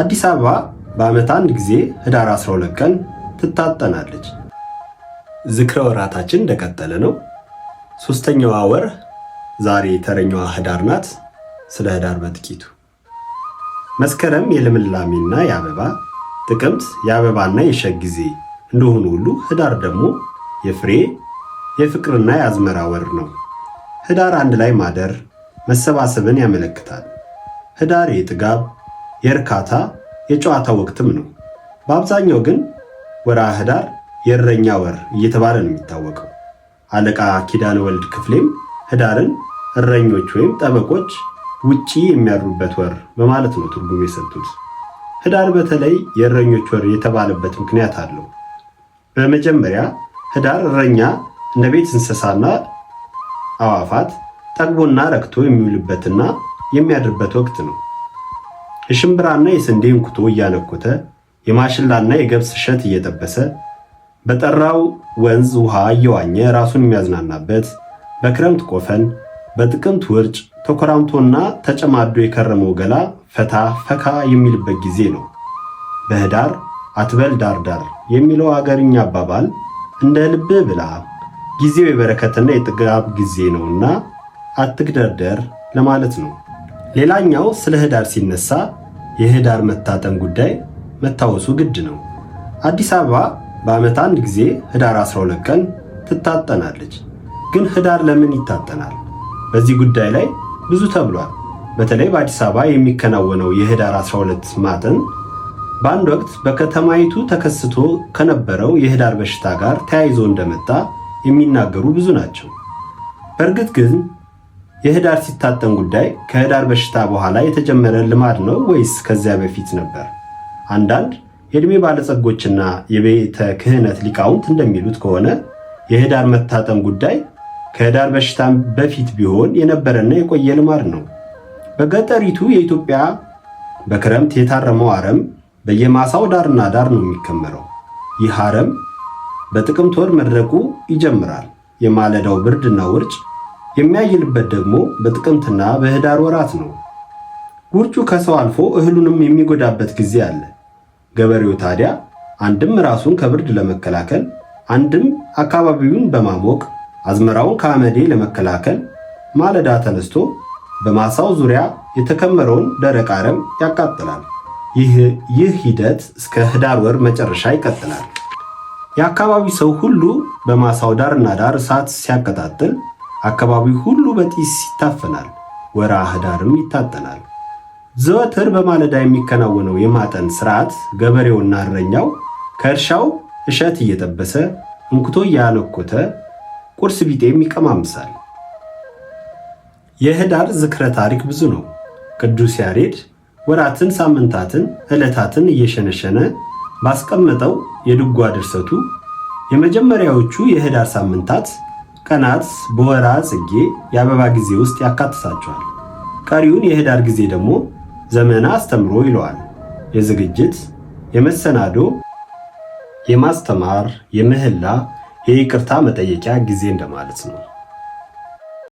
አዲስ አበባ በዓመት አንድ ጊዜ ህዳር 12 ቀን ትታጠናለች። ዝክረ ወራታችን እንደቀጠለ ነው። ሶስተኛዋ ወር ዛሬ ተረኛዋ ህዳር ናት። ስለ ህዳር በጥቂቱ መስከረም የልምላሜና የአበባ ጥቅምት የአበባና የሸክ ጊዜ እንደሆኑ ሁሉ ህዳር ደግሞ የፍሬ የፍቅርና የአዝመራ ወር ነው። ህዳር አንድ ላይ ማደር መሰባሰብን ያመለክታል። ህዳር የጥጋብ የእርካታ የጨዋታ ወቅትም ነው። በአብዛኛው ግን ወርሃ ህዳር የእረኛ ወር እየተባለ ነው የሚታወቀው። አለቃ ኪዳነ ወልድ ክፍሌም ህዳርን እረኞች ወይም ጠበቆች ውጪ የሚያድሩበት ወር በማለት ነው ትርጉም የሰጡት። ህዳር በተለይ የእረኞች ወር የተባለበት ምክንያት አለው። በመጀመሪያ ህዳር እረኛ እንደ ቤት እንስሳና አዋፋት ጠግቦና ረክቶ የሚውልበትና የሚያድርበት ወቅት ነው። የሽምብራና የስንዴ እንኩቶ እያለኮተ የማሽላና የገብስ እሸት እየጠበሰ በጠራው ወንዝ ውሃ እየዋኘ ራሱን የሚያዝናናበት በክረምት ቆፈን በጥቅምት ውርጭ ተኮራምቶና ተጨማዶ የከረመው ገላ ፈታ ፈካ የሚልበት ጊዜ ነው። በህዳር አትበል ዳርዳር የሚለው አገርኛ አባባል እንደ ልብ ብላ፣ ጊዜው የበረከትና የጥጋብ ጊዜ ነውና አትግደርደር ለማለት ነው። ሌላኛው ስለ ህዳር ሲነሳ የህዳር መታጠን ጉዳይ መታወሱ ግድ ነው። አዲስ አበባ በዓመት አንድ ጊዜ ህዳር 12 ቀን ትታጠናለች። ግን ህዳር ለምን ይታጠናል? በዚህ ጉዳይ ላይ ብዙ ተብሏል። በተለይ በአዲስ አበባ የሚከናወነው የህዳር 12 ማጠን በአንድ ወቅት በከተማይቱ ተከስቶ ከነበረው የህዳር በሽታ ጋር ተያይዞ እንደመጣ የሚናገሩ ብዙ ናቸው። በእርግጥ ግን የህዳር ሲታጠን ጉዳይ ከህዳር በሽታ በኋላ የተጀመረ ልማድ ነው ወይስ ከዚያ በፊት ነበር? አንዳንድ የእድሜ ባለጸጎችና የቤተ ክህነት ሊቃውንት እንደሚሉት ከሆነ የህዳር መታጠን ጉዳይ ከህዳር በሽታ በፊት ቢሆን የነበረና የቆየ ልማድ ነው። በገጠሪቱ የኢትዮጵያ በክረምት የታረመው አረም በየማሳው ዳርና ዳር ነው የሚከመረው። ይህ አረም በጥቅምት ወር መድረቁ ይጀምራል። የማለዳው ብርድና ውርጭ የሚያይልበት ደግሞ በጥቅምትና በህዳር ወራት ነው። ውርጩ ከሰው አልፎ እህሉንም የሚጎዳበት ጊዜ አለ። ገበሬው ታዲያ አንድም ራሱን ከብርድ ለመከላከል፣ አንድም አካባቢውን በማሞቅ አዝመራውን ከአመዴ ለመከላከል ማለዳ ተነስቶ በማሳው ዙሪያ የተከመረውን ደረቅ አረም ያቃጥላል። ይህ ሂደት እስከ ህዳር ወር መጨረሻ ይቀጥላል። የአካባቢው ሰው ሁሉ በማሳው ዳርና ዳር እሳት ሲያቀጣጥል አካባቢው ሁሉ በጢስ ይታፈናል፣ ወርሃ ኅዳርም ይታጠናል። ዘወትር በማለዳ የሚከናወነው የማጠን ስርዓት ገበሬውና እረኛው ከእርሻው እሸት እየጠበሰ እንኩቶ እያለኮተ ቁርስ ቢጤም ይቀማምሳል። የኅዳር ዝክረ ታሪክ ብዙ ነው። ቅዱስ ያሬድ ወራትን፣ ሳምንታትን፣ ዕለታትን እየሸነሸነ ባስቀመጠው የድጓ ድርሰቱ የመጀመሪያዎቹ የኅዳር ሳምንታት ቀናት በወራ ጽጌ የአበባ ጊዜ ውስጥ ያካትታቸዋል። ቀሪውን የህዳር ጊዜ ደግሞ ዘመነ አስተምሮ ይለዋል። የዝግጅት፣ የመሰናዶ፣ የማስተማር፣ የምህላ፣ የይቅርታ መጠየቂያ ጊዜ እንደማለት ነው።